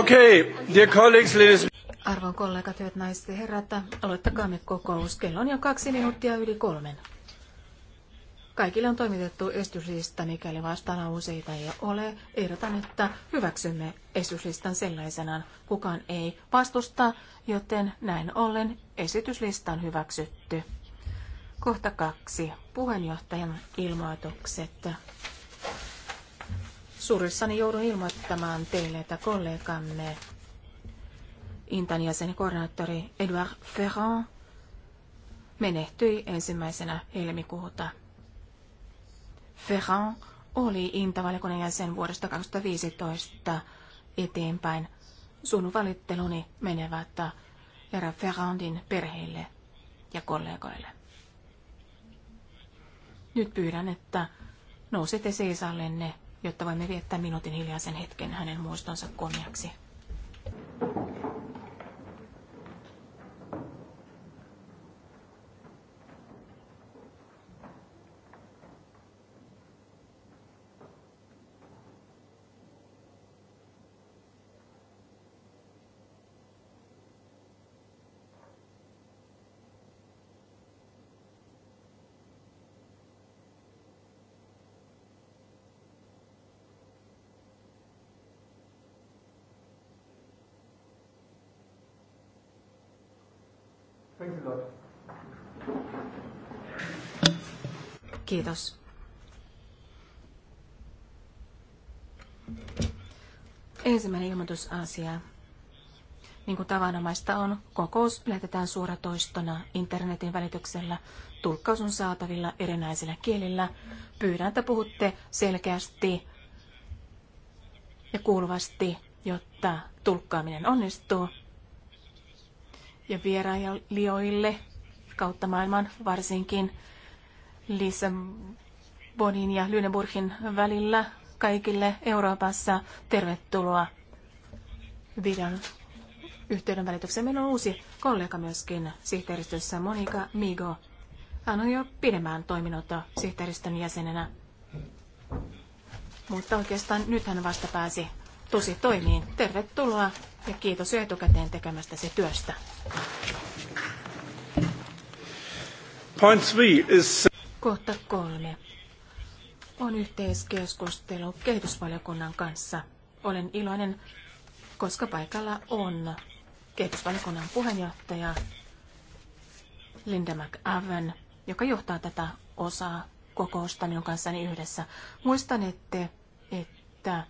Okay, dear colleagues, ladies... Arvon kollegat, hyvät naiset ja herrat, aloittakaamme kokous. Kello on jo kaksi minuuttia yli kolmen. Kaikille on toimitettu estyslista, mikäli vastaana useita ei ole. Ehdotan, että hyväksymme esityslistan sellaisenaan. Kukaan ei vastusta, joten näin ollen esityslista on hyväksytty. Kohta kaksi. Puheenjohtajan ilmoitukset. Suurissani joudun ilmoittamaan teille, että kollegamme Intan jäsen koordinaattori Edouard Ferrand menehtyi ensimmäisenä helmikuuta. Ferrand oli Intavalikunnan jäsen vuodesta 2015 eteenpäin. Sun valitteluni menevät herra Ferrandin perheille ja kollegoille. Nyt pyydän, että nousette seisallenne jotta voimme viettää minuutin hiljaisen hetken hänen muistonsa kunniaksi. Thanks a lot. Kiitos. Ensimmäinen ilmoitusasia. Niin kuin tavanomaista on, kokous lähetetään suoratoistona internetin välityksellä. Tulkkaus on saatavilla erinäisillä kielillä. Pyydän, että puhutte selkeästi ja kuuluvasti, jotta tulkkaaminen onnistuu ja vierailijoille kautta maailman, varsinkin Lissabonin ja Lüneburgin välillä kaikille Euroopassa. Tervetuloa videon yhteyden välitykseen. Meillä on uusi kollega myöskin sihteeristössä, Monika Migo. Hän on jo pidemmään toiminut sihteeristön jäsenenä. Mutta oikeastaan nyt hän vasta pääsi tosi toimii. Tervetuloa ja kiitos jo etukäteen tekemästäsi työstä. Point three is... Kohta kolme on yhteiskeskustelu kehitysvaliokunnan kanssa. Olen iloinen, koska paikalla on kehitysvaliokunnan puheenjohtaja Linda McAven, joka johtaa tätä osaa kokousta minun kanssani yhdessä. Muistan, että, että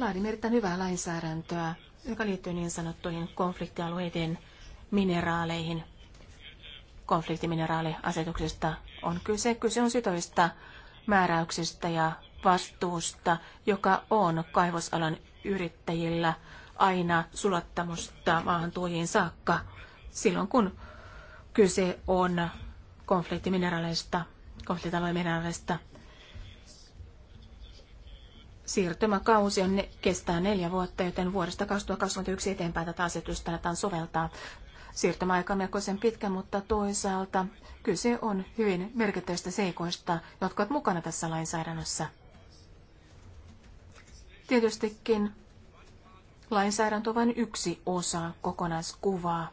laadimme erittäin hyvää lainsäädäntöä, joka liittyy niin sanottuihin konfliktialueiden mineraaleihin. Konfliktimineraaliasetuksesta on kyse. Kyse on sitovista määräyksistä ja vastuusta, joka on kaivosalan yrittäjillä aina sulattamusta maahantuojiin saakka silloin, kun kyse on konfliktimineraaleista, konfliktialueen mineraaleista siirtymäkausi on, kestää neljä vuotta, joten vuodesta 2021 eteenpäin tätä asetusta aletaan soveltaa. Siirtymäaika on melkoisen pitkä, mutta toisaalta kyse on hyvin merkittävistä seikoista, jotka ovat mukana tässä lainsäädännössä. Tietystikin lainsäädäntö on vain yksi osa kokonaiskuvaa.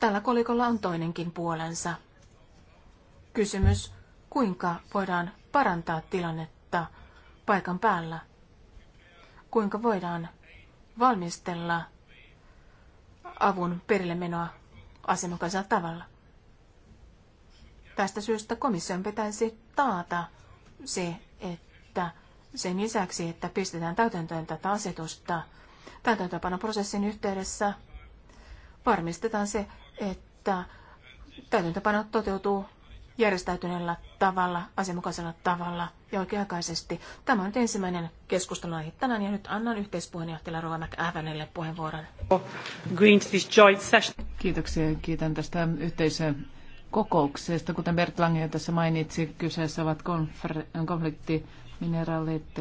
Tällä kolikolla on toinenkin puolensa. Kysymys, kuinka voidaan parantaa tilannetta paikan päällä? Kuinka voidaan valmistella avun perille menoa asianmukaisella tavalla? Tästä syystä komission pitäisi taata se, että sen lisäksi, että pistetään täytäntöön tätä asetusta, täytäntöpanoprosessin yhteydessä varmistetaan se, että täytäntöpano toteutuu järjestäytyneellä tavalla, asianmukaisella tavalla ja oikea-aikaisesti. Tämä on ensimmäinen keskustelu aihe tänään ja nyt annan yhteispuheenjohtajalle Rova McAvenille puheenvuoron. Kiitoksia ja kiitän tästä yhteisöön kokouksesta. Kuten Bert Lange tässä mainitsi, kyseessä ovat konfr- konfliktimineraalit.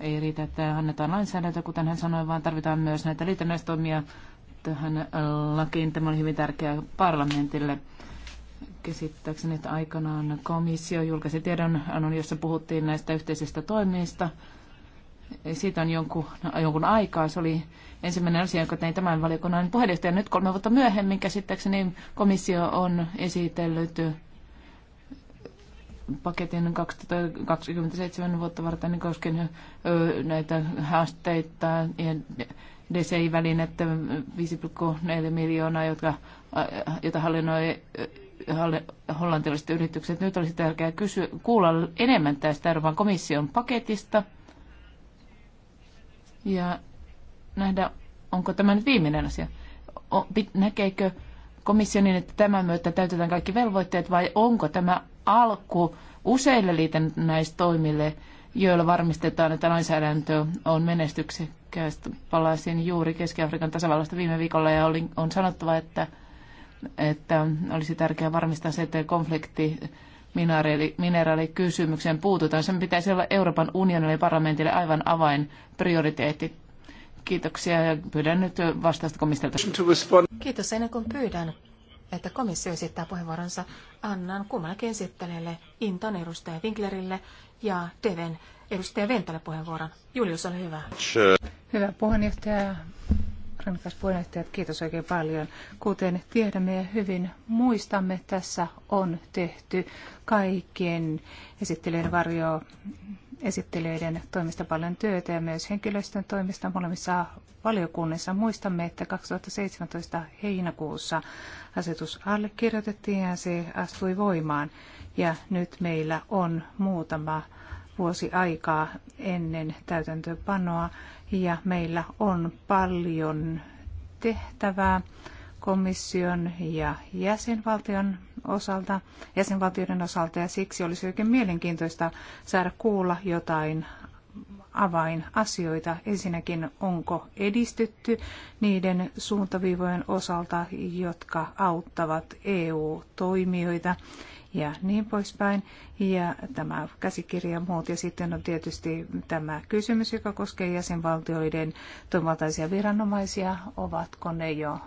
Ei riitä, että annetaan lainsäädäntö, kuten hän sanoi, vaan tarvitaan myös näitä liitännäistoimia tähän lakiin. Tämä oli hyvin tärkeää parlamentille käsittääkseni, että aikanaan komissio julkaisi tiedonannon, jossa puhuttiin näistä yhteisistä toimista. Siitä on jonkun, jonkun aikaa. Se oli ensimmäinen asia, jonka tein tämän valiokunnan puheenjohtaja. Nyt kolme vuotta myöhemmin käsittääkseni komissio on esitellyt paketin 2027 vuotta varten koskien näitä haasteita ja DCI-välinettä 5,4 miljoonaa, jotka, jota hallinnoi hollantilaiset yritykset. Nyt olisi tärkeää kysyä, kuulla enemmän tästä Euroopan komission paketista ja nähdä, onko tämä nyt viimeinen asia. Näkeekö komissio niin, että tämän myötä täytetään kaikki velvoitteet vai onko tämä alku useille liitännäistoimille, joilla varmistetaan, että lainsäädäntö on menestyksekkäästä. Palasin juuri Keski-Afrikan tasavallasta viime viikolla ja oli, on sanottava, että että olisi tärkeää varmistaa se, että konflikti mineraalikysymykseen puututaan. Sen pitäisi olla Euroopan unionille ja parlamentille aivan avain prioriteetti. Kiitoksia ja pyydän nyt vastausta komistelta. Kiitos ennen kuin pyydän, että komissio esittää puheenvuoronsa. Annan kummallakin esittäneelle Intan edustaja Winklerille ja Deven edustaja Ventalle puheenvuoron. Julius, ole hyvä. Hyvä puheenjohtaja, Rankas puheenjohtajat, kiitos oikein paljon. Kuten tiedämme ja hyvin muistamme, tässä on tehty kaikkien esittelijöiden varjo esittelijöiden toimista paljon työtä ja myös henkilöstön toimista molemmissa valiokunnissa. Muistamme, että 2017 heinäkuussa asetus allekirjoitettiin ja se astui voimaan. Ja nyt meillä on muutama vuosi aikaa ennen täytäntöönpanoa ja meillä on paljon tehtävää komission ja jäsenvaltion osalta, jäsenvaltioiden osalta ja siksi olisi oikein mielenkiintoista saada kuulla jotain avainasioita. Ensinnäkin, onko edistytty niiden suuntaviivojen osalta, jotka auttavat EU-toimijoita ja niin poispäin. Ja tämä käsikirja ja muut. Ja sitten on tietysti tämä kysymys, joka koskee jäsenvaltioiden toimivaltaisia viranomaisia. Ovatko ne jo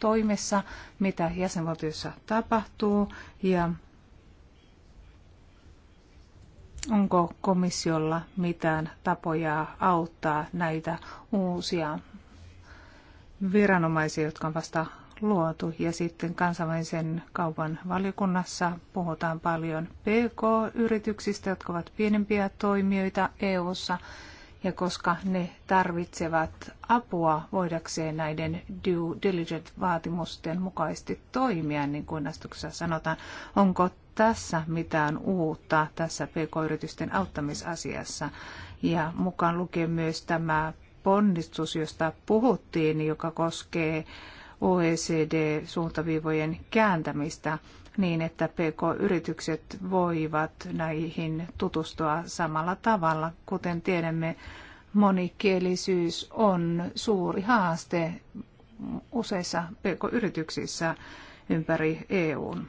toimessa, mitä jäsenvaltioissa tapahtuu ja onko komissiolla mitään tapoja auttaa näitä uusia viranomaisia, jotka on vasta luotu. Ja sitten kansainvälisen kaupan valiokunnassa puhutaan paljon PK-yrityksistä, jotka ovat pienempiä toimijoita EU:ssa ja koska ne tarvitsevat apua voidakseen näiden due diligence-vaatimusten mukaisesti toimia, niin kuin astuksessa sanotaan, onko tässä mitään uutta tässä pk-yritysten auttamisasiassa ja mukaan lukee myös tämä ponnistus, josta puhuttiin, joka koskee OECD-suuntaviivojen kääntämistä niin, että PK-yritykset voivat näihin tutustua samalla tavalla. Kuten tiedämme, monikielisyys on suuri haaste useissa PK-yrityksissä ympäri EUn.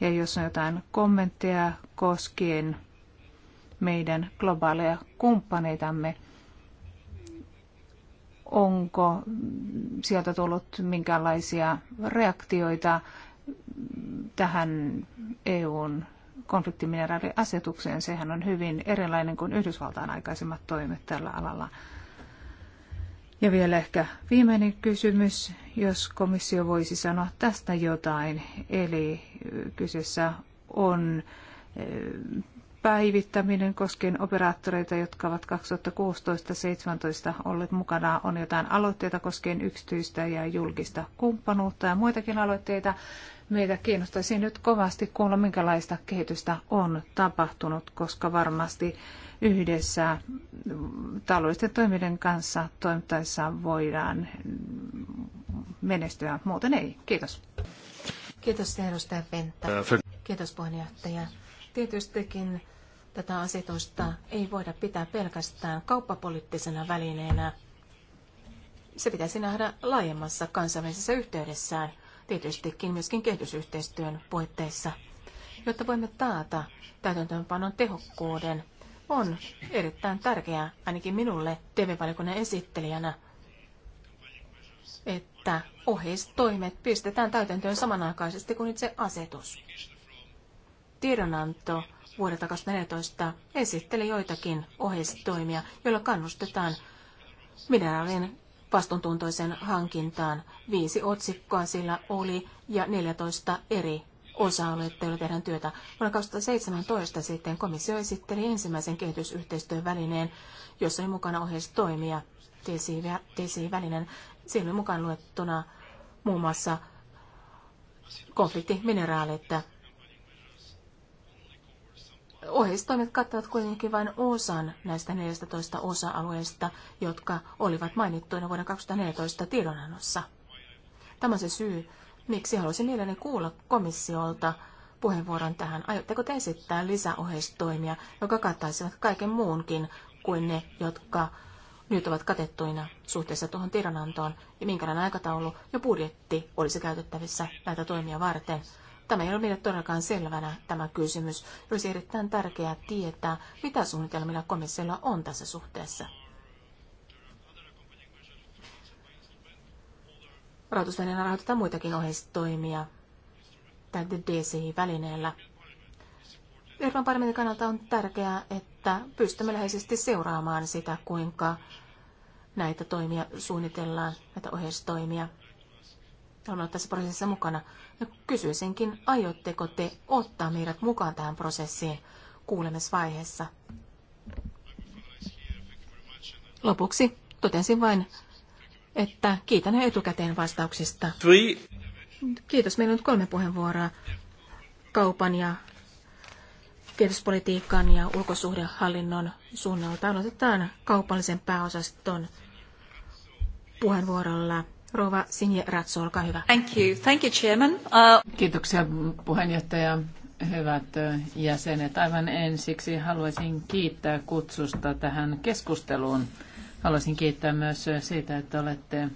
Ja jos on jotain kommentteja koskien meidän globaaleja kumppaneitamme, onko sieltä tullut minkäänlaisia reaktioita tähän EUn konfliktimineraaliasetukseen. Sehän on hyvin erilainen kuin Yhdysvaltain aikaisemmat toimet tällä alalla. Ja vielä ehkä viimeinen kysymys, jos komissio voisi sanoa tästä jotain. Eli kyseessä on eh, päivittäminen koskien operaattoreita, jotka ovat 2016-2017 olleet mukana. On jotain aloitteita koskien yksityistä ja julkista kumppanuutta ja muitakin aloitteita. Meitä kiinnostaisi nyt kovasti kuulla, minkälaista kehitystä on tapahtunut, koska varmasti yhdessä taloudellisten toimijoiden kanssa toimittaessa voidaan menestyä, muuten ei. Kiitos. Kiitos edustaja Venttä. Äh, Kiitos puheenjohtaja. Tietystikin Tätä asetusta ei voida pitää pelkästään kauppapoliittisena välineenä. Se pitäisi nähdä laajemmassa kansainvälisessä yhteydessään, tietystikin myöskin kehitysyhteistyön puitteissa. Jotta voimme taata täytäntöönpanon tehokkuuden, on erittäin tärkeää, ainakin minulle TV-valikunnan esittelijänä, että ohjeistoimet pistetään täytäntöön samanaikaisesti kuin itse asetus. Tiedonanto vuodelta 2014 esitteli joitakin ohjeistoimia, joilla kannustetaan mineraalien vastuuntuntoisen hankintaan. Viisi otsikkoa sillä oli ja 14 eri osa-alueita, joilla tehdään työtä. Vuonna 2017 sitten komissio esitteli ensimmäisen kehitysyhteistyön välineen, jossa oli mukana ohjeistoimia, TCI-välinen. Siinä oli mukaan luettuna muun muassa konfliktimineraalit ohjeistoimet kattavat kuitenkin vain osan näistä 14 osa-alueista, jotka olivat mainittuina vuoden 2014 tiedonannossa. Tämä on se syy, miksi haluaisin mielelläni kuulla komissiolta puheenvuoron tähän. Aiotteko te esittää lisäohjeistoimia, jotka kattaisivat kaiken muunkin kuin ne, jotka nyt ovat katettuina suhteessa tuohon tiedonantoon, ja minkälainen aikataulu ja budjetti olisi käytettävissä näitä toimia varten. Tämä ei ole meille todellakaan selvänä tämä kysymys. Olisi erittäin tärkeää tietää, mitä suunnitelmilla komissiolla on tässä suhteessa. Rahoitusvälineellä rahoitetaan muitakin ohjeistoimia tämän DCI-välineellä. Euroopan parlamentin kannalta on tärkeää, että pystymme läheisesti seuraamaan sitä, kuinka näitä toimia suunnitellaan, näitä ohjeistoimia. Haluan olla tässä prosessissa mukana. Ja kysyisinkin, aiotteko te ottaa meidät mukaan tähän prosessiin kuulemisvaiheessa? Lopuksi totesin vain, että kiitän etukäteen vastauksista. Kiitos. Meillä on nyt kolme puheenvuoroa kaupan ja kehityspolitiikan ja ulkosuhdehallinnon suunnalta. Aloitetaan kaupallisen pääosaston puheenvuorolla. Rova Sinje Ratsu, olkaa hyvä. Thank you. Thank you, Chairman. Uh... Kiitoksia puheenjohtaja. Hyvät jäsenet, aivan ensiksi haluaisin kiittää kutsusta tähän keskusteluun. Haluaisin kiittää myös siitä, että olette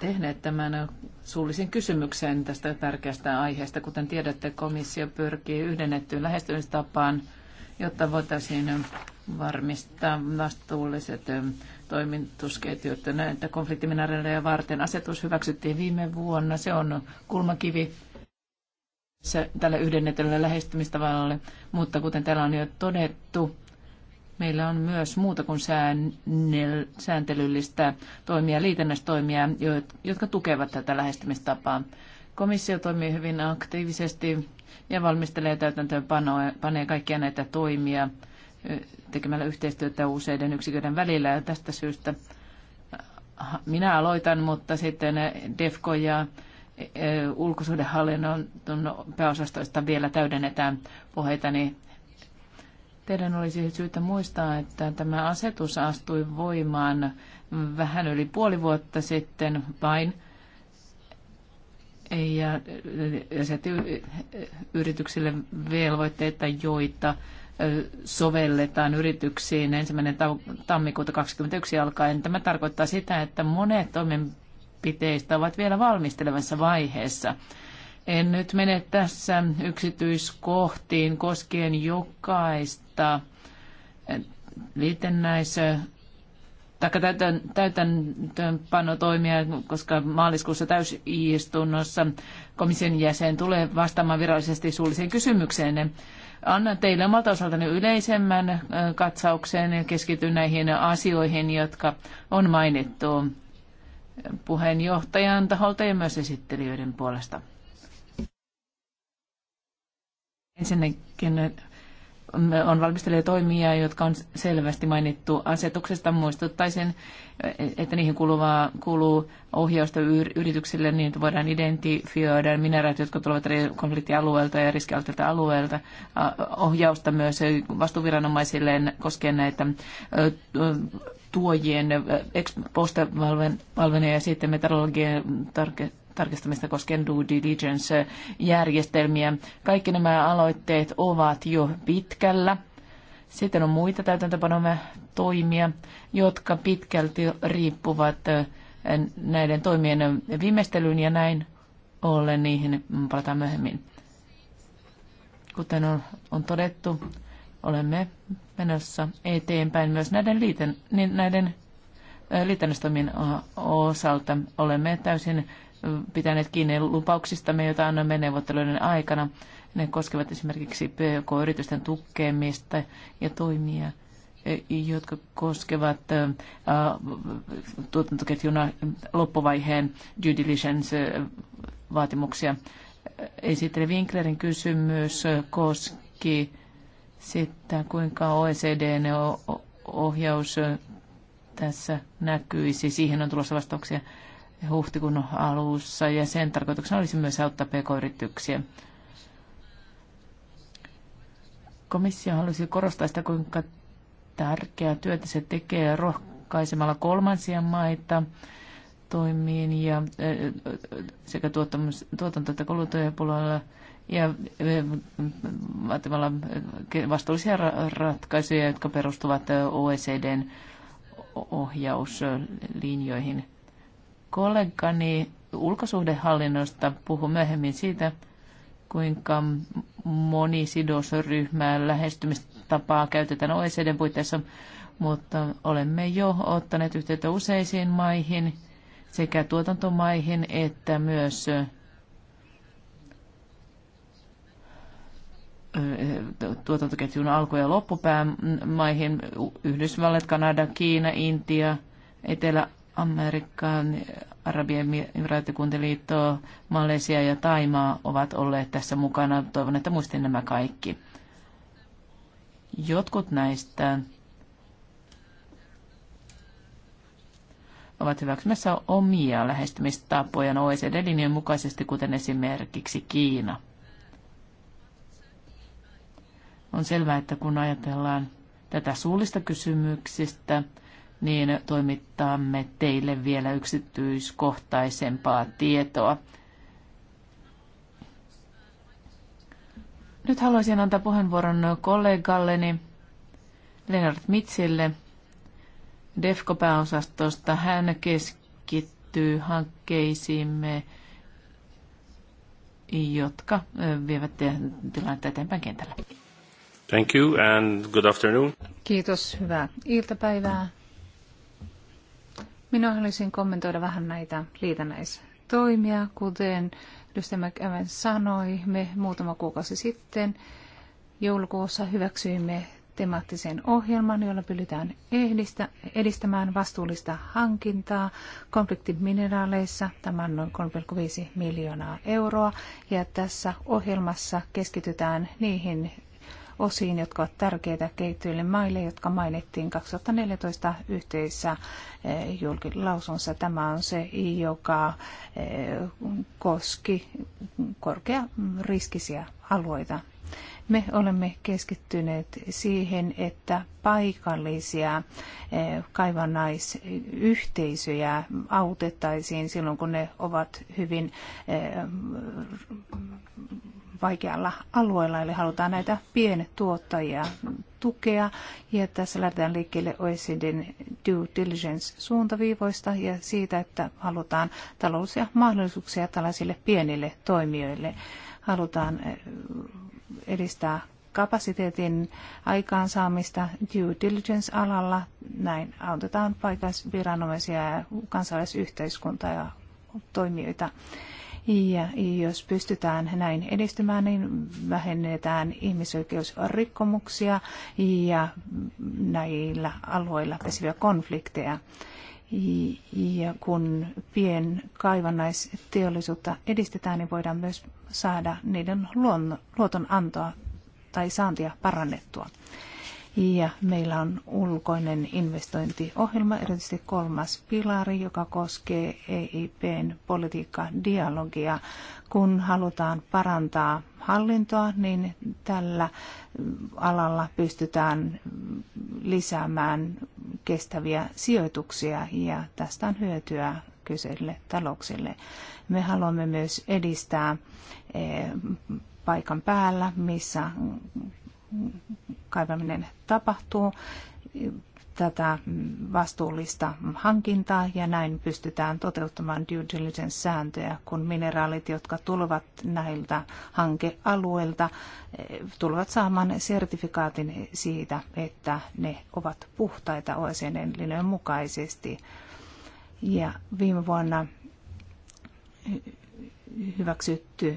tehneet tämän suullisen kysymyksen tästä tärkeästä aiheesta. Kuten tiedätte, komissio pyrkii yhdennettyyn lähestymistapaan jotta voitaisiin varmistaa vastuulliset toimitusketjut näitä no, konfliktimineraaleja varten. Asetus hyväksyttiin viime vuonna. Se on kulmakivi tälle yhdennetylle lähestymistavalle, mutta kuten täällä on jo todettu, meillä on myös muuta kuin sääntelyllistä toimia, liitännästoimia, jotka tukevat tätä lähestymistapaa. Komissio toimii hyvin aktiivisesti ja valmistelee täytäntöön panoa, panee kaikkia näitä toimia tekemällä yhteistyötä useiden yksiköiden välillä. Ja tästä syystä äh, minä aloitan, mutta sitten DEFCO ja ulkosuhdehallinnon pääosastoista vielä täydennetään niin Teidän olisi syytä muistaa, että tämä asetus astui voimaan vähän yli puoli vuotta sitten vain – ei ja äh, asetti äh, yrityksille velvoitteita, joita äh, sovelletaan yrityksiin ensimmäinen tammikuuta 2021 alkaen. Tämä tarkoittaa sitä, että monet toimenpiteistä ovat vielä valmistelevassa vaiheessa. En nyt mene tässä yksityiskohtiin koskien jokaista liitännäisä täytän pano toimia, koska maaliskuussa täysistunnossa komission jäsen tulee vastaamaan virallisesti suulliseen kysymykseen. Annan teille omalta osaltani yleisemmän katsauksen ja keskityn näihin asioihin, jotka on mainittu puheenjohtajan taholta ja myös esittelijöiden puolesta. Ensinnäkin on valmistelee toimia, jotka on selvästi mainittu asetuksesta. Muistuttaisin, että niihin kuluvaa, kuluu ohjausta yrityksille niin, että voidaan identifioida mineraat, jotka tulevat konfliktialueelta ja riskialtilta alueelta. Ohjausta myös vastuuviranomaisille koskien näitä tuojien ex ja sitten metallurgien tarkastuksia tarkistamista koskien due diligence-järjestelmiä. Kaikki nämä aloitteet ovat jo pitkällä. Sitten on muita täytäntöpanomme toimia, jotka pitkälti riippuvat eh, näiden toimien viimeistelyyn ja näin ollen niihin palataan myöhemmin. Kuten on, on todettu, olemme menossa eteenpäin myös näiden, liiten, niin näiden eh, liitännöstoimien eh, osalta. Olemme täysin pitäneet kiinni lupauksistamme, joita annoimme neuvotteluiden aikana. Ne koskevat esimerkiksi PK-yritysten tukemista ja toimia, e, jotka koskevat e, tuotantoketjun loppuvaiheen due diligence-vaatimuksia. E, Esitteli Winklerin kysymys koski sitä, kuinka OECDn ohjaus tässä näkyisi. Siihen on tulossa vastauksia huhtikuun alussa ja sen tarkoituksena olisi myös auttaa pk-yrityksiä. Komissio halusi korostaa sitä, kuinka tärkeää työtä se tekee rohkaisemalla kolmansia maita toimiin ja sekä tuotanto- että puolella ja vaatimalla vastuullisia ratkaisuja, jotka perustuvat OECDn ohjauslinjoihin kollegani ulkosuhdehallinnosta puhui myöhemmin siitä, kuinka moni sidosryhmää lähestymistapaa käytetään OECDn puitteissa, mutta olemme jo ottaneet yhteyttä useisiin maihin, sekä tuotantomaihin että myös tuotantoketjun alku- ja loppupäämaihin, Yhdysvallat, Kanada, Kiina, Intia, Etelä- Amerikan, Arabian Emiraattikuntaliitto, Malesia ja Taimaa ovat olleet tässä mukana. Toivon, että muistin nämä kaikki. Jotkut näistä ovat hyväksymässä omia lähestymistapojaan OECD-linjojen mukaisesti, kuten esimerkiksi Kiina. On selvää, että kun ajatellaan tätä suullista kysymyksistä, niin toimittamme teille vielä yksityiskohtaisempaa tietoa. Nyt haluaisin antaa puheenvuoron kollegalleni Lennart Mitsille DEFCO-pääosastosta. Hän keskittyy hankkeisiimme, jotka vievät tilannetta eteenpäin kentällä. Thank you and good afternoon. Kiitos, hyvää iltapäivää minä haluaisin kommentoida vähän näitä liitännäistoimia, kuten Lysten McEwen sanoi, me muutama kuukausi sitten joulukuussa hyväksyimme temaattisen ohjelman, jolla pyritään edistämään vastuullista hankintaa konfliktimineraaleissa. Tämä on noin 3,5 miljoonaa euroa. Ja tässä ohjelmassa keskitytään niihin osiin, jotka ovat tärkeitä kehittyville maille, jotka mainittiin 2014 yhteisessä eh, julkilausunsa. Tämä on se, joka eh, koski korkeariskisiä alueita. Me olemme keskittyneet siihen, että paikallisia eh, kaivannaisyhteisöjä autettaisiin silloin, kun ne ovat hyvin vaikealla alueella, eli halutaan näitä pientuottajia tukea. Ja tässä lähdetään liikkeelle OECDn due diligence-suuntaviivoista ja siitä, että halutaan taloudellisia mahdollisuuksia tällaisille pienille toimijoille. Halutaan eh, edistää kapasiteetin aikaansaamista due diligence-alalla. Näin autetaan paikallisviranomaisia ja kansalaisyhteiskuntaa ja toimijoita ja jos pystytään näin edistymään, niin vähennetään ihmisoikeusrikkomuksia ja näillä alueilla pesiviä konflikteja. Ja kun kaivannaisteollisuutta edistetään, niin voidaan myös saada niiden luotonantoa tai saantia parannettua. Ja meillä on ulkoinen investointiohjelma, erityisesti kolmas pilari, joka koskee EIPn politiikkaa dialogia. Kun halutaan parantaa hallintoa, niin tällä alalla pystytään lisäämään kestäviä sijoituksia ja tästä on hyötyä kyseille talouksille. Me haluamme myös edistää eh, paikan päällä, missä kaivaminen tapahtuu, tätä vastuullista hankintaa ja näin pystytään toteuttamaan due diligence-sääntöjä, kun mineraalit, jotka tulevat näiltä hankealueilta, tulevat saamaan sertifikaatin siitä, että ne ovat puhtaita oecd linjojen mukaisesti. Ja viime vuonna hyväksytty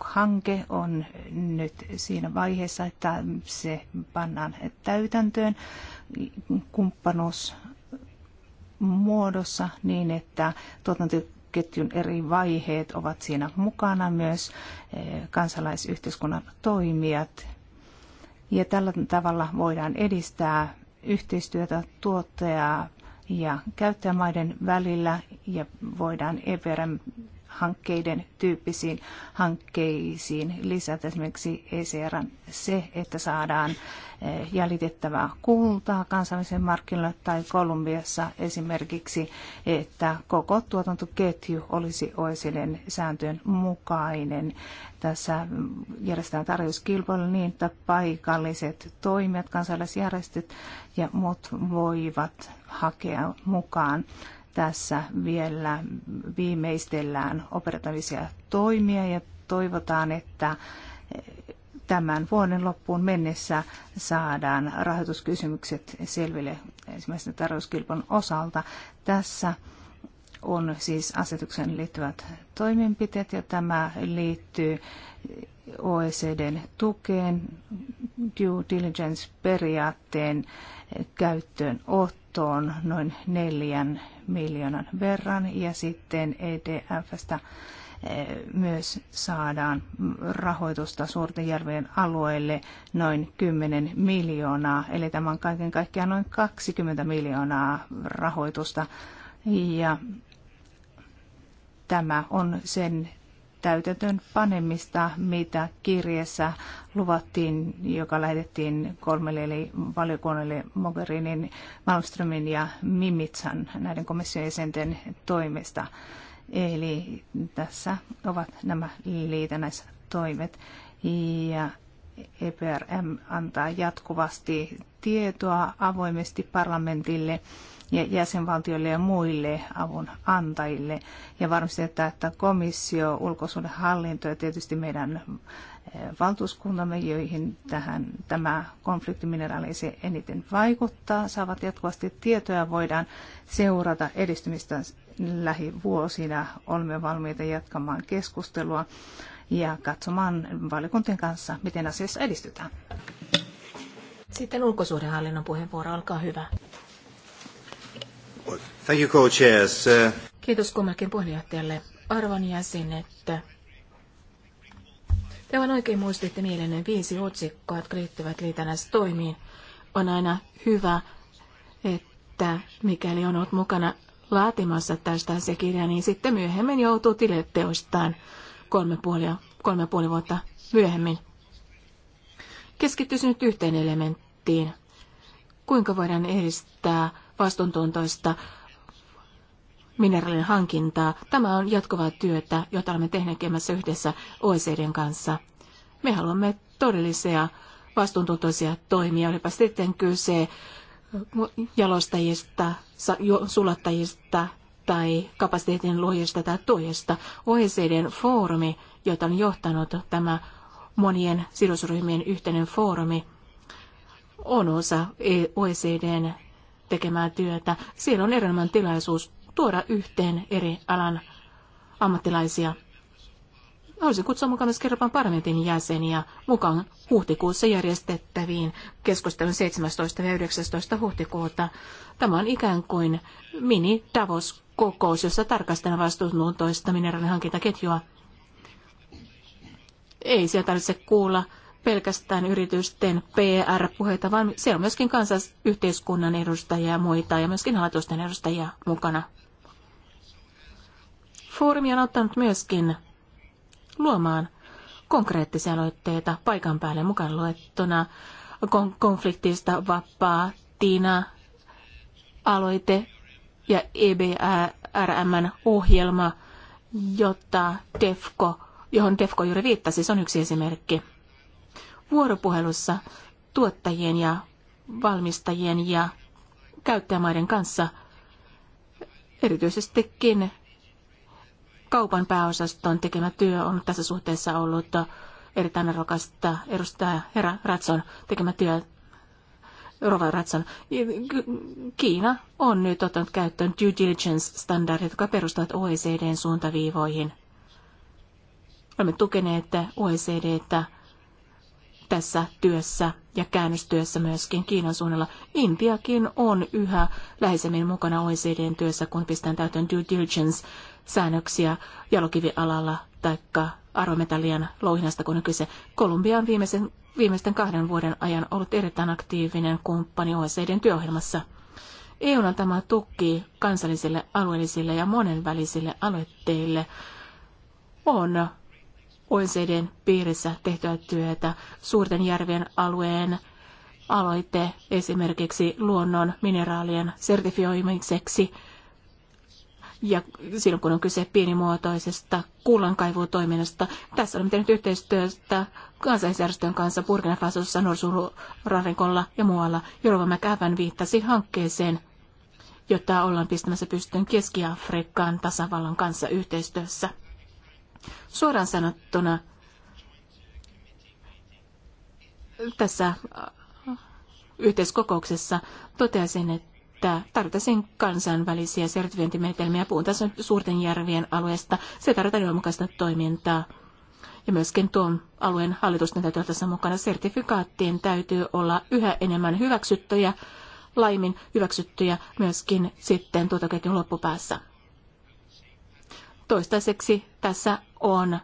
hanke on nyt siinä vaiheessa, että se pannaan täytäntöön kumppanuus muodossa niin, että tuotantoketjun eri vaiheet ovat siinä mukana myös eh, kansalaisyhteiskunnan toimijat. Ja tällä tavalla voidaan edistää yhteistyötä tuottajaa ja käyttäjämaiden välillä ja voidaan EPRM hankkeiden tyyppisiin hankkeisiin lisätä esimerkiksi ECRn se, että saadaan eh, jäljitettävää kultaa kansainvälisen markkinoille tai Kolumbiassa esimerkiksi, että koko tuotantoketju olisi oisiden e sääntöjen mukainen. Tässä järjestetään tarjouskilpailu niin, että paikalliset toimijat, kansalaisjärjestöt ja muut voivat hakea mukaan tässä vielä viimeistellään operatiivisia toimia ja toivotaan, että tämän vuoden loppuun mennessä saadaan rahoituskysymykset selville ensimmäisen tarjouskilpon osalta. Tässä on siis asetuksen liittyvät toimenpiteet ja tämä liittyy OECDn tukeen due diligence-periaatteen ottaen kattoon noin neljän miljoonan verran ja sitten EDFstä eh, myös saadaan rahoitusta Suurten järvien alueelle noin 10 miljoonaa, eli tämä on kaiken kaikkiaan noin 20 miljoonaa rahoitusta. Ja tämä on sen täytetön panemista, mitä kirjeessä luvattiin, joka lähetettiin kolmelle eli valiokunnalle Mogherinin, Malmströmin ja Mimitsan näiden komission jäsenten toimesta. Eli tässä ovat nämä liitännäistoimet. Ja EPRM antaa jatkuvasti tietoa avoimesti parlamentille ja jäsenvaltioille ja muille avun antajille. Ja varmistetaan, että komissio, hallinto ja tietysti meidän eh, valtuuskuntamme, joihin tähän, tämä konfliktimineraali se eniten vaikuttaa, saavat jatkuvasti tietoja voidaan seurata edistymistä lähivuosina. Olemme valmiita jatkamaan keskustelua ja katsomaan valiokuntien kanssa, miten asiassa edistytään. Sitten ulkosuhdehallinnon puheenvuoro, olkaa hyvä. Thank you, co-chairs. Kiitos kummallekin puheenjohtajalle. Arvon jäsen, että te on oikein muistitte mielenne viisi otsikkoa, jotka liittyvät toimiin. On aina hyvä, että mikäli on ollut mukana laatimassa tästä asiakirjaa, niin sitten myöhemmin joutuu tileteostaan kolme, puolia, kolme ja puoli vuotta myöhemmin. Keskittyisin nyt yhteen elementtiin. Kuinka voidaan edistää vastuuntuntoista mineraalien hankintaa. Tämä on jatkuvaa työtä, jota olemme tehneet yhdessä OECDn kanssa. Me haluamme todellisia vastuuntuntoisia toimia, olipa sitten kyse jalostajista, sulattajista, tai kapasiteetin luojasta tai tuojasta. OECDn foorumi, jota on johtanut tämä monien sidosryhmien yhteinen foorumi, on osa e- OECDn tekemää työtä. Siellä on erilainen tilaisuus tuoda yhteen eri alan ammattilaisia olisin kutsua mukaan myös Euroopan parlamentin jäseniä mukaan huhtikuussa järjestettäviin keskustelun 17. ja 19. huhtikuuta. Tämä on ikään kuin mini Davos-kokous, jossa tarkastellaan vastuuntoista mineraalihankintaketjua. Ei sieltä tarvitse kuulla pelkästään yritysten PR-puheita, vaan siellä on myöskin kansayhteiskunnan edustajia ja muita ja myöskin hallitusten edustajia mukana. Foorumi on ottanut myöskin luomaan konkreettisia aloitteita paikan päälle mukaan luettuna konfliktista vapaa Tiina aloite ja EBRMn ohjelma, jotta DEFCO, johon DEFCO juuri viittasi, se on yksi esimerkki. Vuoropuhelussa tuottajien ja valmistajien ja käyttäjämaiden kanssa erityisestikin Kaupan pääosaston tekemä työ on tässä suhteessa ollut erittäin arvokasta. Edustaja Herra Ratson tekemä työ Rova Ratson. Kiina on nyt ottanut käyttöön due diligence-standardit, jotka perustuvat OECDn suuntaviivoihin. Olemme tukeneet OECDtä tässä työssä ja käännöstyössä myöskin Kiinan suunnalla. Intiakin on yhä läheisemmin mukana OECDn työssä, kun pistetään täytön due diligence säännöksiä jalokivialalla tai arvometallien louhinnasta, kun on kyse. Kolumbia on viimeisen, viimeisten kahden vuoden ajan ollut erittäin aktiivinen kumppani OECDn työohjelmassa. E on tämä tuki kansallisille, alueellisille ja monenvälisille aloitteille on OECDn piirissä tehtyä työtä suurten järvien alueen aloite esimerkiksi luonnon mineraalien sertifioimiseksi – ja silloin kun on kyse pienimuotoisesta kullankaivuutoiminnasta. Tässä olemme tehneet yhteistyöstä kansallisjärjestön kanssa Burkina Fasossa, Norsuranrikolla ja muualla. Jorova Mäkävän viittasi hankkeeseen, jota ollaan pistämässä pystyyn Keski-Afrikan tasavallan kanssa yhteistyössä. Suoraan sanottuna tässä yhteiskokouksessa toteaisin, että että tarvitaan kansainvälisiä sertifiointimenetelmiä. Puhun tässä suurten järvien alueesta. Se tarvitaan johdonmukaista toimintaa. Ja myöskin tuon alueen hallitusten täytyy olla tässä mukana. Sertifikaattien täytyy olla yhä enemmän hyväksyttyjä, laimin hyväksyttyjä myöskin sitten tuotoketjun loppupäässä. Toistaiseksi tässä on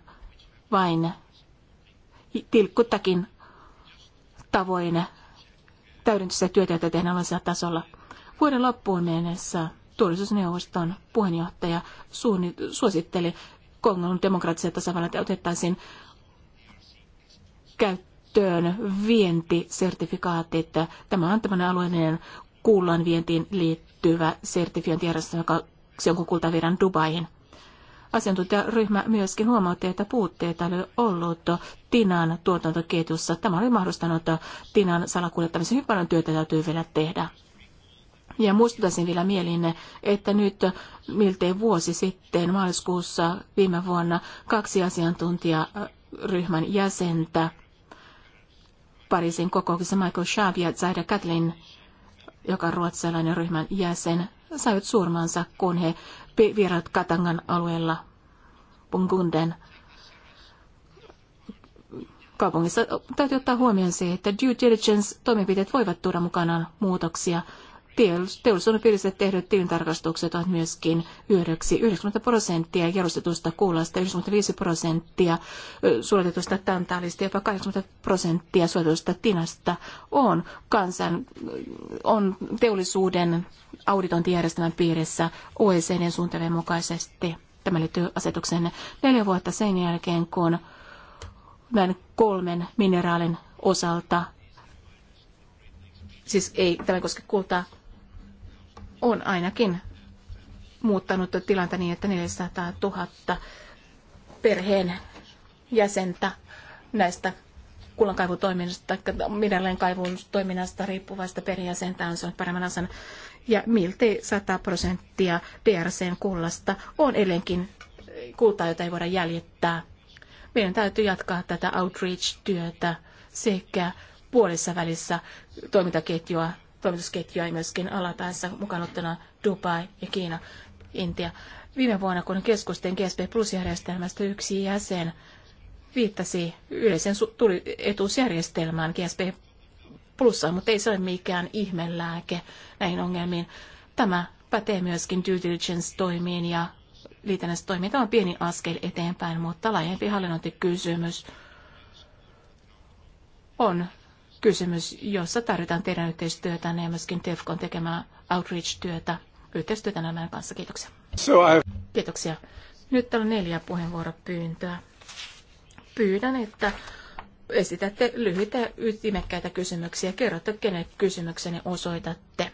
vain tilkkutakin tavoin täydentystä työtä, jota tehdään alueellisella tasolla. Vuoden loppuun mennessä turvallisuusneuvoston puheenjohtaja suositteli Kongon demokraattisen tasavallat, että otettaisiin käyttöön vientisertifikaatit. Tämä on tämmöinen alueellinen kuullaan vientiin liittyvä sertifiointijärjestelmä, joka se on kultaviran Dubaihin. Asiantuntijaryhmä myöskin huomautti, että puutteita oli ollut Tinan tuotantoketjussa. Tämä oli mahdollistanut Tinan salakuljettamisen. Hyvin paljon työtä täytyy vielä tehdä. Ja muistutaisin vielä mielinne, että nyt miltei vuosi sitten maaliskuussa viime vuonna kaksi asiantuntijaryhmän jäsentä Pariisin kokouksessa Michael Schaaf ja Zaira Katlin, joka on ruotsalainen ryhmän jäsen, saivat surmansa, kun he vierailut Katangan alueella Bungunden kaupungissa. Täytyy ottaa huomioon se, että due diligence-toimenpiteet voivat tuoda mukanaan muutoksia – Teollisuuden piirissä tehdyt tilintarkastukset ovat myöskin hyödyksi. 90 prosenttia jalustetusta kuulasta, 95 prosenttia suojetetusta tantaalista, jopa 80 prosenttia suojetetusta tinasta on, kansan, on teollisuuden auditointijärjestelmän piirissä OECDn suunnitelmien mukaisesti. Tämä liittyy asetukseen neljä vuotta sen jälkeen, kun näiden kolmen mineraalin osalta siis ei, tämä koske kultaa, on ainakin muuttanut tilanta niin, että 400 000 perheen jäsentä näistä kullankaivutoiminnasta tai mineraalien kaivun toiminnasta riippuvaista perheenjäsentä on saanut paremman asan. Ja miltei 100 prosenttia DRCn kullasta on edelleenkin kultaa, jota ei voida jäljittää. Meidän täytyy jatkaa tätä outreach-työtä sekä puolessa välissä toimintaketjua toimitusketjua ja myöskin alapäässä mukaan ottana Dubai ja Kiina, Intia. Viime vuonna, kun keskusten GSP Plus-järjestelmästä, yksi jäsen viittasi yleisen etuusjärjestelmään GSP Plussaan, mutta ei se ole mikään ihmelääke näihin ongelmiin. Tämä pätee myöskin due diligence-toimiin ja liitännäistoimiin. Tämä on pieni askel eteenpäin, mutta laajempi hallinnointikysymys on kysymys, jossa tarvitaan teidän yhteistyötä ja myöskin TEFCON tekemää outreach-työtä, yhteistyötä näiden kanssa. Kiitoksia. So I... Kiitoksia. Nyt täällä on neljä puheenvuoropyyntöä. Pyydän, että esitätte lyhyitä ytimekkäitä kysymyksiä. Kerrotte, kenen kysymykseni osoitatte.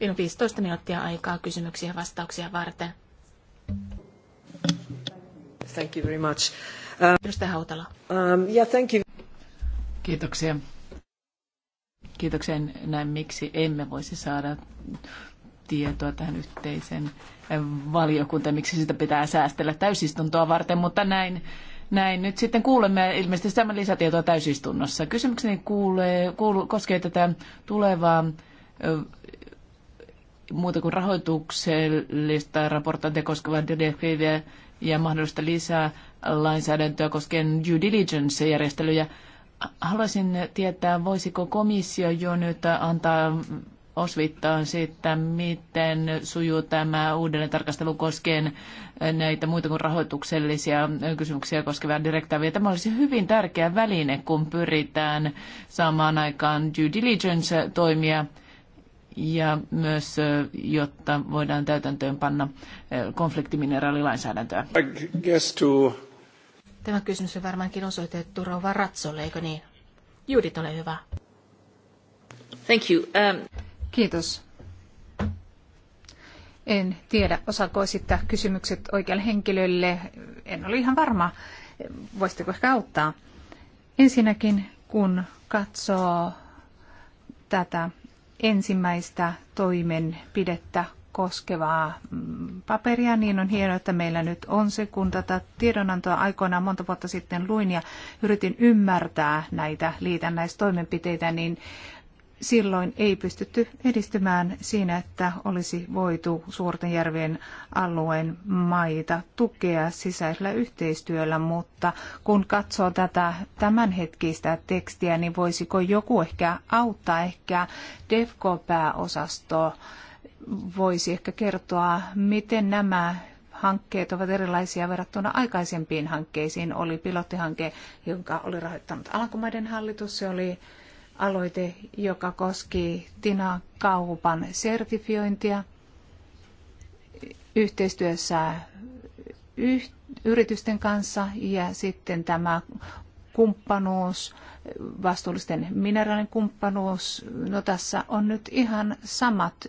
Minun 15 minuuttia aikaa kysymyksiä ja vastauksia varten. Thank you very much. Uh, Hautala. Um, yeah, thank you. Kiitoksia. Kiitoksia. Näin miksi emme voisi saada tietoa tähän yhteiseen valiokuntaan, miksi sitä pitää säästellä täysistuntoa varten, mutta näin, näin nyt sitten kuulemme ilmeisesti tämän lisätietoa täysistunnossa. Kysymykseni kuulee, kuulu, koskee tätä tulevaa muuta kuin rahoituksellista raportointia koskevaa direktiiviä ja mahdollista lisää lainsäädäntöä koskien due diligence-järjestelyjä. Haluaisin tietää, voisiko komissio jo nyt antaa osvittaa siitä, miten sujuu tämä uudelleen tarkastelu koskien näitä muita kuin rahoituksellisia kysymyksiä koskevia direktiiviä. Tämä olisi hyvin tärkeä väline, kun pyritään saamaan aikaan due diligence-toimia ja myös, jotta voidaan täytäntöön panna konfliktimineraalilainsäädäntöä. I guess to Tämä kysymys on varmaankin osoitettu rouva Ratsolle, eikö niin? Judit, ole hyvä. Thank you. Um... Kiitos. En tiedä, osaako esittää kysymykset oikealle henkilölle. En ole ihan varma. Voisitteko ehkä auttaa? Ensinnäkin, kun katsoo tätä ensimmäistä toimenpidettä koskevaa paperia, niin on hienoa, että meillä nyt on se, kun tätä tiedonantoa aikoinaan monta vuotta sitten luin ja yritin ymmärtää näitä liitännäistoimenpiteitä, niin silloin ei pystytty edistymään siinä, että olisi voitu suurten järvien alueen maita tukea sisäisellä yhteistyöllä, mutta kun katsoo tätä tämänhetkistä tekstiä, niin voisiko joku ehkä auttaa ehkä DEFCO-pääosastoa voisi ehkä kertoa, miten nämä hankkeet ovat erilaisia verrattuna aikaisempiin hankkeisiin. Oli pilottihanke, jonka oli rahoittanut Alankomaiden hallitus. Se oli aloite, joka koski Tina-kaupan sertifiointia yhteistyössä yh- yritysten kanssa ja sitten tämä kumppanuus, vastuullisten mineraalin kumppanuus. No tässä on nyt ihan samat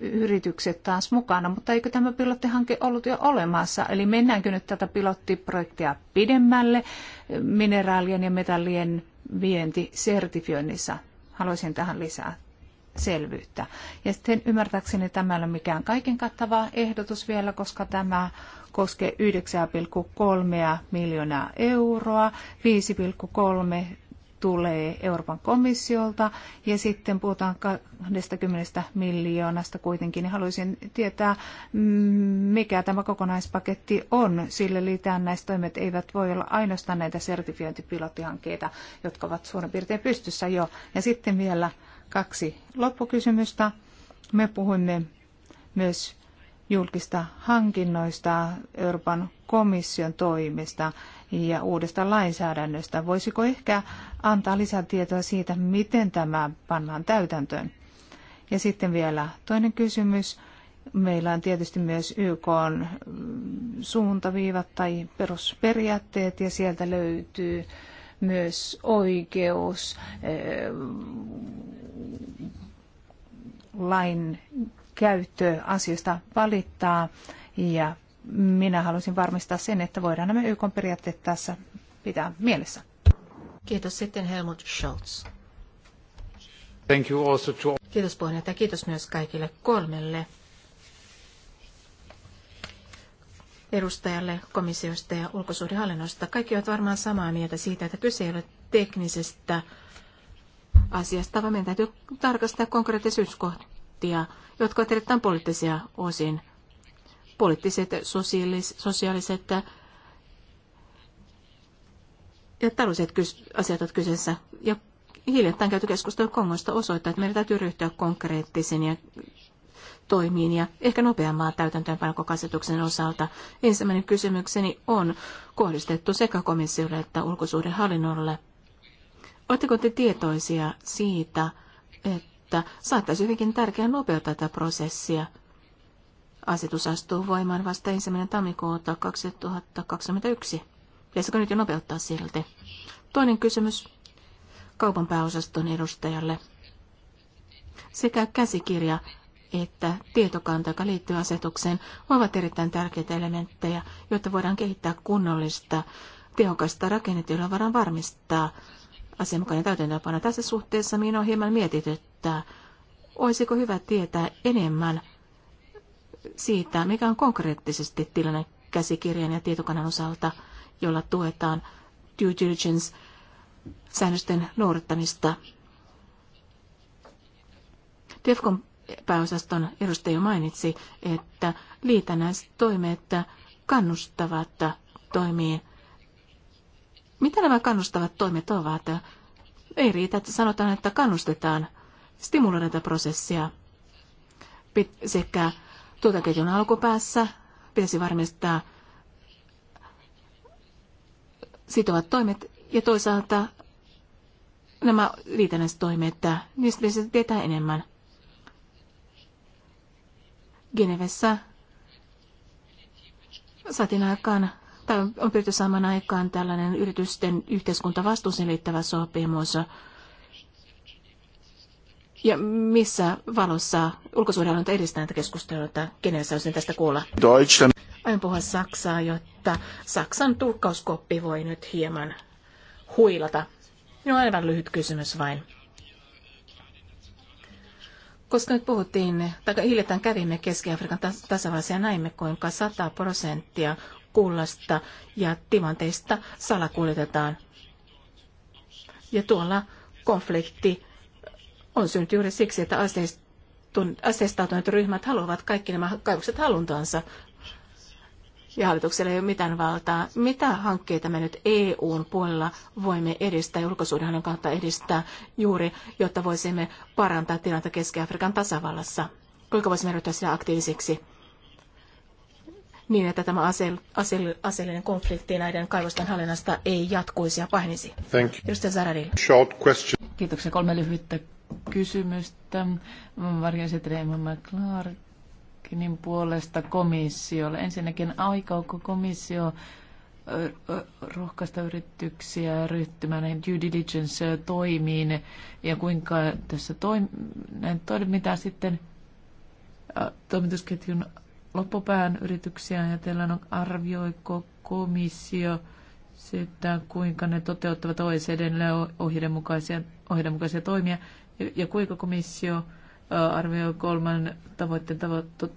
yritykset taas mukana, mutta eikö tämä pilottihanke ollut jo olemassa? Eli mennäänkö nyt tätä pilottiprojektia pidemmälle mineraalien ja metallien vientisertifioinnissa? Haluaisin tähän lisää selvyyttä. Ja sitten ymmärtääkseni tämä ei ole mikään kaiken kattava ehdotus vielä, koska tämä koskee 9,3 miljoonaa euroa, 5,3 tulee Euroopan komissiolta ja sitten puhutaan 20 miljoonasta kuitenkin. Niin haluaisin tietää, mm, mikä tämä kokonaispaketti on, sillä toimet eivät voi olla ainoastaan näitä sertifiointipilottihankkeita, jotka ovat suurin piirtein pystyssä jo. Ja sitten vielä kaksi loppukysymystä. Me puhuimme myös julkista hankinnoista, Euroopan komission toimista ja uudesta lainsäädännöstä. Voisiko ehkä antaa lisätietoa siitä, miten tämä pannaan täytäntöön? Ja sitten vielä toinen kysymys. Meillä on tietysti myös YK on mm, suuntaviivat tai perusperiaatteet ja sieltä löytyy myös oikeus eh, lain käyttö asioista valittaa ja minä halusin varmistaa sen, että voidaan nämä YK periaatteet tässä pitää mielessä. Kiitos sitten Helmut Scholz. Thank you also to... Kiitos puheenjohtaja. Kiitos myös kaikille kolmelle edustajalle komissiosta ja ulkosuhdehallinnosta. Kaikki ovat varmaan samaa mieltä siitä, että kyse ei ole teknisestä asiasta, vaan meidän täytyy tarkastaa konkreettisia yksityiskohtia jotka ovat erittäin poliittisia osin. Poliittiset, sosiaalis, sosiaaliset ja taloudelliset asiat ovat kyseessä. Ja hiljattain käyty keskustelu Kongosta osoittaa, että meidän täytyy ryhtyä konkreettisiin ja toimiin ja ehkä nopeammaa täytäntöönpanokokasetuksen osalta. Ensimmäinen kysymykseni on kohdistettu sekä komissiolle että ulkosuhdehallinnolle. Oletteko te tietoisia siitä, että että saattaisi hyvinkin tärkeä nopeuttaa tätä prosessia. Asetus astuu voimaan vasta 1. tammikuuta 2021. Pitäisikö nyt jo nopeuttaa silti? Toinen kysymys kaupan pääosaston edustajalle. Sekä käsikirja että tietokanta, joka liittyy asetukseen, ovat erittäin tärkeitä elementtejä, jotta voidaan kehittää kunnollista, tehokasta rakennetta, jolla voidaan varmistaa asianmukainen täytäntöönpano. Tässä suhteessa minua hieman mietityttää käyttää. Olisiko hyvä tietää enemmän siitä, mikä on konkreettisesti tilanne käsikirjan ja tietokannan osalta, jolla tuetaan due diligence-säännösten noudattamista. DEFCON pääosaston edustaja mainitsi, että liitännäistoimet kannustavat toimiin. Mitä nämä kannustavat toimet ovat? Ei riitä, että sanotaan, että kannustetaan stimuloida tätä prosessia sekä tuotaketjun alkupäässä pitäisi varmistaa sitovat toimet ja toisaalta nämä liitännäiset toimet, niistä pitäisi tietää enemmän. Genevessä saatiin aikaan, tai on pyritty saamaan aikaan tällainen yritysten yhteiskuntavastuuseen liittyvä sopimus, ja missä valossa ulkosuhdehallinto edistää näitä keskusteluja, Kenen olisin tästä kuulla? Deutschland. Aion puhua Saksaa, jotta Saksan tulkkauskoppi voi nyt hieman huilata. Minulla on aivan lyhyt kysymys vain. Koska nyt puhuttiin, tai hiljattain kävimme Keski-Afrikan tasavallassa ja näimme, kuinka 100 prosenttia kullasta ja timanteista salakuljetetaan. Ja tuolla konflikti on syntynyt juuri siksi, että aseistautuneet ryhmät haluavat kaikki nämä kaivokset haluntaansa. Ja hallituksella ei ole mitään valtaa. Mitä hankkeita me nyt EUn puolella voimme edistää ja ulkosuudenhallinnon kautta edistää juuri, jotta voisimme parantaa tilannetta Keski-Afrikan tasavallassa? Kuinka voisimme ryhtyä sitä aktiivisiksi? niin, että tämä ase- ase- aseellinen konflikti näiden kaivosten hallinnasta ei jatkuisi ja pahenisi. Thank you. Short question. Kiitoksia. Kolme lyhyttä kysymystä Reema McClarkinin puolesta komissiolle. Ensinnäkin aikaako komissio rohkaista yrityksiä ryhtymään näihin due diligence-toimiin ja kuinka tässä toim- toimitaan sitten toimitusketjun loppupään yrityksiä ajatellaan, on arvioiko komissio sitä, kuinka ne toteuttavat OECDn ohjeiden mukaisia, ohjeiden mukaisia toimia ja kuinka komissio arvioi kolman tavoitteen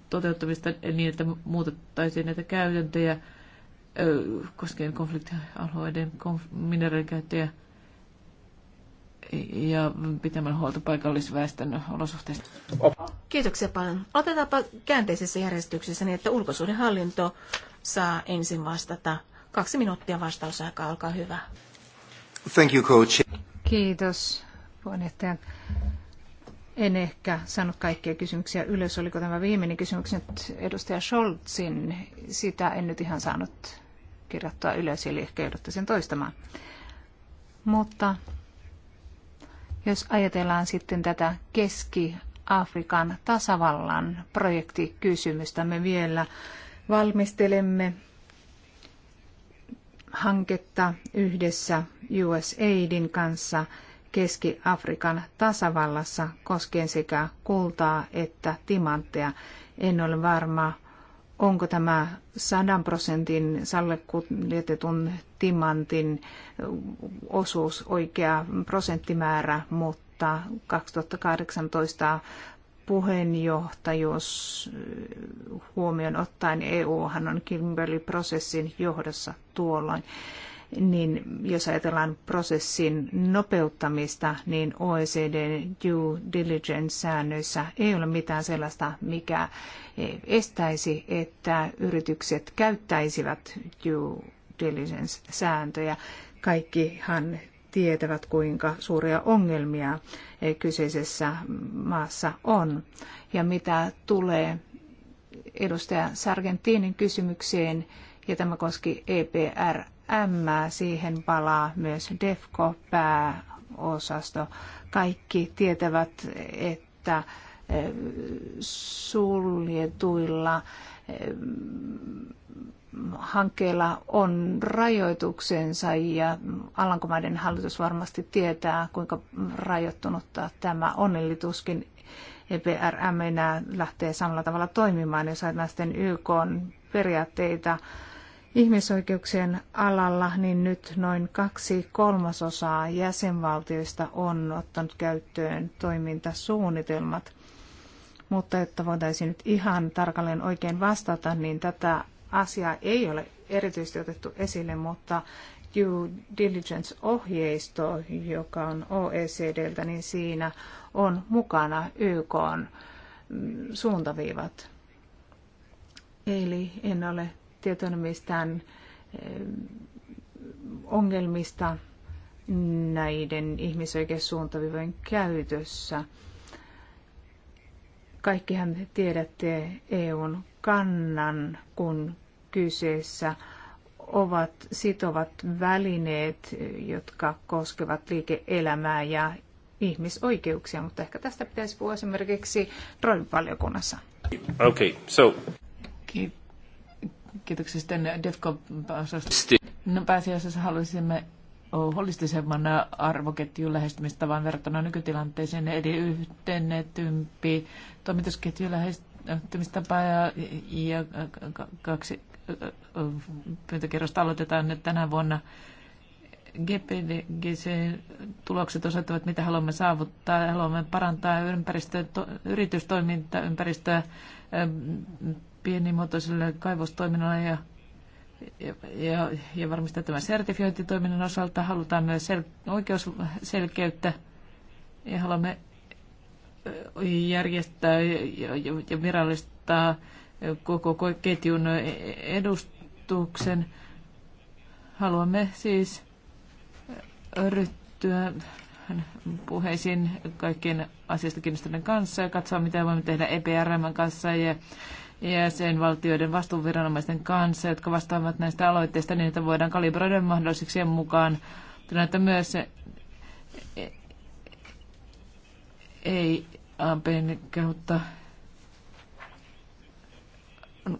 toteuttamista niin, että muutettaisiin näitä käytäntöjä koskien konfliktialueiden konf- mineraalikäyttöjä ja pitämään huolta paikallisväestön olosuhteista. Kiitoksia paljon. Otetaanpa käänteisessä järjestyksessä niin, että ulkosuudenhallinto saa ensin vastata. Kaksi minuuttia vastausaikaa, olkaa hyvä. Thank you, coach. Kiitos puheenjohtaja. En ehkä saanut kaikkia kysymyksiä ylös. Oliko tämä viimeinen kysymys nyt edustaja Scholzin? Sitä en nyt ihan saanut kirjoittaa ylös, eli ehkä joudutte sen toistamaan. Mutta jos ajatellaan sitten tätä Keski-Afrikan tasavallan projektikysymystä, me vielä valmistelemme hanketta yhdessä USAIDin kanssa – Keski-Afrikan tasavallassa koskien sekä kultaa että timantteja. En ole varma, onko tämä sadan prosentin sallekuljetetun timantin osuus oikea prosenttimäärä, mutta 2018 puheenjohtajuus huomioon ottaen eu on Kimberley-prosessin johdossa tuolloin niin jos ajatellaan prosessin nopeuttamista, niin OECD due diligence-säännöissä ei ole mitään sellaista, mikä estäisi, että yritykset käyttäisivät due diligence-sääntöjä. Kaikkihan tietävät, kuinka suuria ongelmia kyseisessä maassa on. Ja mitä tulee edustaja Sargentinin kysymykseen, ja tämä koski EPR M, siihen palaa myös DEFCO-pääosasto. Kaikki tietävät, että eh, suljetuilla eh, hankkeilla on rajoituksensa ja Alankomaiden hallitus varmasti tietää, kuinka rajoittunutta tämä on, eli tuskin EPRM enää lähtee samalla tavalla toimimaan, jos ajatellaan sitten YK periaatteita ihmisoikeuksien alalla, niin nyt noin kaksi kolmasosaa jäsenvaltioista on ottanut käyttöön toimintasuunnitelmat. Mutta että voitaisiin nyt ihan tarkalleen oikein vastata, niin tätä asiaa ei ole erityisesti otettu esille, mutta due diligence-ohjeisto, joka on OECDltä, niin siinä on mukana YK suuntaviivat. Eli en ole tietoinen mistään eh, ongelmista näiden ihmisoikeussuuntavivojen käytössä. Kaikkihan tiedätte EUn kannan, kun kyseessä ovat sitovat välineet, jotka koskevat liike-elämää ja ihmisoikeuksia, mutta ehkä tästä pitäisi puhua esimerkiksi Droid-valiokunnassa. Okay, so. Kiitoksia sitten DEFCO-osasta. No pääsiäisessä haluaisimme holistisemman arvoketjun lähestymistavan verrattuna nykytilanteeseen, eli yhtenetympi toimitusketju lähestymistapa ja, ja kaksi pyyntökerrosta aloitetaan nyt tänä vuonna. GPDGC-tulokset osoittavat, mitä haluamme saavuttaa. Haluamme parantaa ympäristö, yritystoimintaympäristöä, pienimuotoiselle kaivostoiminnalle ja, ja, ja, ja varmistaa tämän sertifiointitoiminnan osalta. Halutaan myös sel- oikeusselkeyttä ja haluamme järjestää ja, ja, ja virallistaa koko ketjun edustuksen. Haluamme siis ryhtyä puheisiin kaikkien asiasta kiinnostuneiden kanssa ja katsoa, mitä voimme tehdä EPRM kanssa ja jäsenvaltioiden vastuuviranomaisten kanssa, jotka vastaavat näistä aloitteista niin, että voidaan kalibroida mahdollisekseen mukaan tilannetta myös ei APn kautta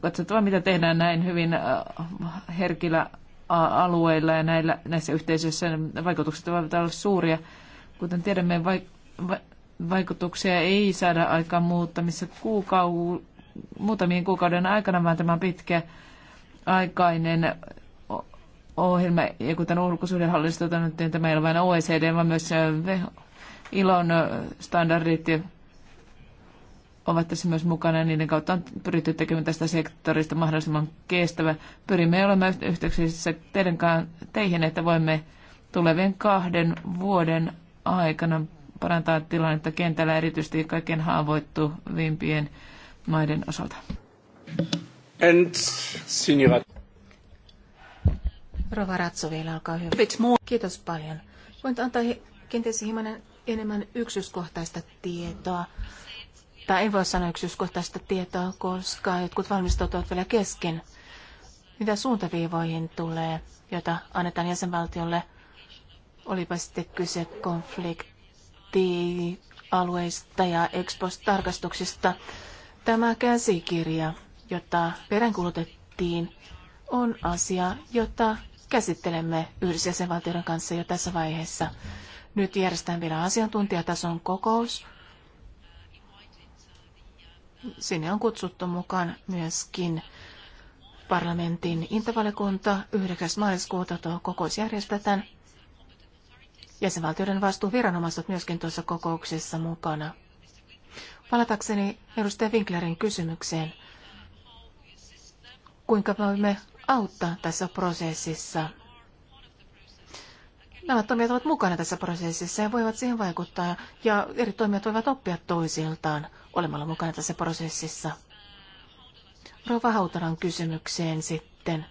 katsotaan, mitä tehdään näin hyvin äh, herkillä alueilla ja näillä, näissä yhteisöissä vaikutukset voivat olla suuria. Kuten tiedämme, vaikutuksia ei saada aikaan muuttamissa kuukau- muutamien kuukauden aikana, vaan tämä pitkä aikainen ohjelma, ja kuten ulkosuhdehallinnosta niin tämä ei ole vain OECD, vaan myös ilon standardit ovat tässä myös mukana ja niiden kautta on pyritty tekemään tästä sektorista mahdollisimman kestävä. Pyrimme olemaan yhteyksissä teidän teihin, että voimme tulevien kahden vuoden aikana parantaa tilannetta kentällä erityisesti kaikkein haavoittuvimpien maiden osalta. And senior. Rova Ratso vielä, olkaa hyvä. Kiitos paljon. Voin antaa kenties hieman enemmän yksityiskohtaista tietoa. Tai en voi sanoa yksityiskohtaista tietoa, koska jotkut valmistut ovat vielä kesken. Mitä suuntaviivoihin tulee, joita annetaan jäsenvaltiolle, olipa sitten kyse konfliktialueista ja expos-tarkastuksista, Tämä käsikirja, jota peräänkulutettiin, on asia, jota käsittelemme yhdessä jäsenvaltioiden kanssa jo tässä vaiheessa. Nyt järjestetään vielä asiantuntijatason kokous. Sinne on kutsuttu mukaan myöskin parlamentin intavalikunta 9. maaliskuuta tuo kokous järjestetään. Jäsenvaltioiden vastuuviranomaiset myöskin tuossa kokouksessa mukana. Palatakseni edustaja Winklerin kysymykseen. Kuinka voimme auttaa tässä prosessissa? Nämä toimijat ovat mukana tässä prosessissa ja voivat siihen vaikuttaa, ja eri toimijat voivat oppia toisiltaan olemalla mukana tässä prosessissa. Rova Hautalan kysymykseen sitten.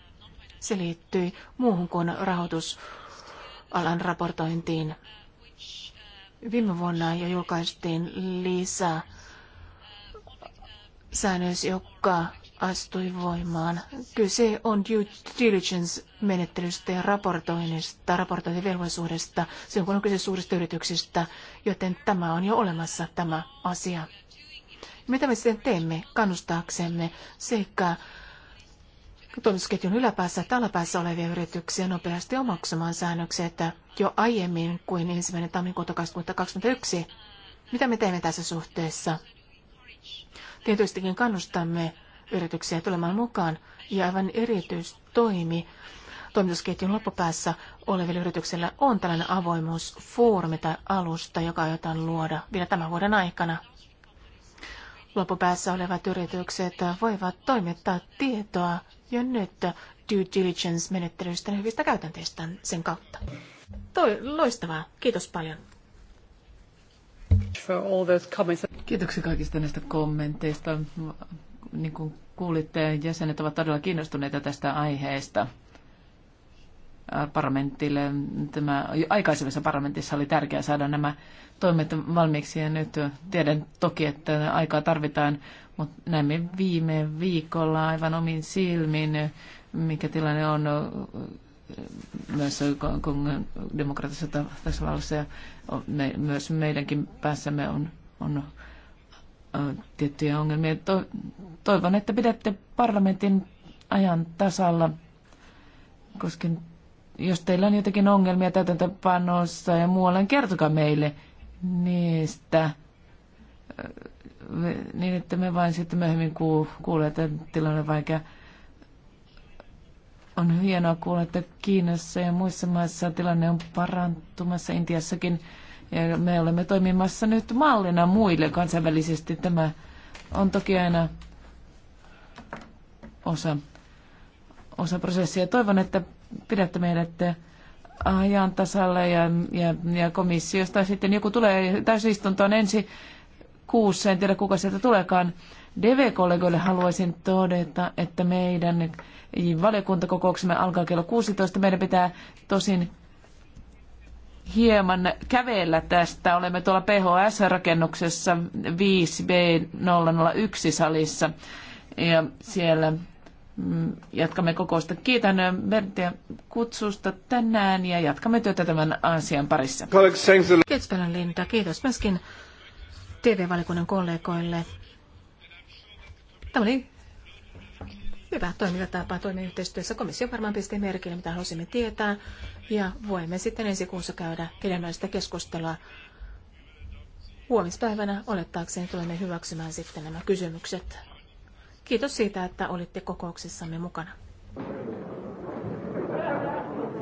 Se liittyi muuhun kuin rahoitusalan raportointiin. Viime vuonna jo julkaistiin lisää säännös, joka astui voimaan. Kyse on due diligence-menettelystä ja raportoinnista, raportointivelvollisuudesta, silloin kun on kyse suurista yrityksistä, joten tämä on jo olemassa tämä asia. Mitä me sitten teemme kannustaaksemme sekä toimitusketjun yläpäässä että alapäässä olevia yrityksiä nopeasti omaksumaan säännökset jo aiemmin kuin ensimmäinen tammikuuta 2021? Mitä me teemme tässä suhteessa? Tietystikin kannustamme yrityksiä tulemaan mukaan ja aivan erityistoimi toimitusketjun loppupäässä olevilla yrityksillä on tällainen avoimuusfoorumi tai alusta, joka aiotaan luoda vielä tämän vuoden aikana. Loppupäässä olevat yritykset voivat toimittaa tietoa jo nyt due diligence-menettelystä ja hyvistä käytänteistä sen kautta. Toi, loistavaa. Kiitos paljon. Kiitoksia kaikista näistä kommenteista. Niin kuin kuulitte, jäsenet ovat todella kiinnostuneita tästä aiheesta parlamentille. Tämä, aikaisemmissa parlamentissa oli tärkeää saada nämä toimet valmiiksi ja nyt tiedän toki, että aikaa tarvitaan, mutta näemme viime viikolla aivan omin silmin, mikä tilanne on myös demokraattisessa tasavallassa ja me, myös meidänkin päässämme on, on tiettyjä ongelmia. To, toivon, että pidätte parlamentin ajan tasalla, koska jos teillä on jotakin ongelmia täytäntöpanossa ja muualla, niin kertokaa meille niistä, niin että me vain sitten myöhemmin kuulemme, että tilanne on vaikea on hienoa kuulla, että Kiinassa ja muissa maissa tilanne on parantumassa, Intiassakin. Ja me olemme toimimassa nyt mallina muille kansainvälisesti. Tämä on toki aina osa, osa prosessia. Toivon, että pidätte meidät ajan tasalla ja, ja, ja komissiosta sitten joku tulee täysistuntoon ensi kuussa, en tiedä kuka sieltä tuleekaan. DV-kollegoille haluaisin todeta, että meidän Valiokuntakokouksemme alkaa kello 16. Meidän pitää tosin hieman kävellä tästä. Olemme tuolla PHS-rakennuksessa 5B001 salissa ja siellä mm, jatkamme kokousta. Kiitän Bertia kutsusta tänään ja jatkamme työtä tämän asian parissa. Kiitos paljon Linda. Kiitos myöskin TV-valikunnan kollegoille. Tämä oli Hyvä toimintatapa toimia yhteistyössä. Komissio varmaan pisti merkille, mitä haluaisimme tietää, ja voimme sitten ensi kuussa käydä pidemmällistä keskustelua. Huomispäivänä olettaakseni tulemme hyväksymään sitten nämä kysymykset. Kiitos siitä, että olitte kokouksessamme mukana.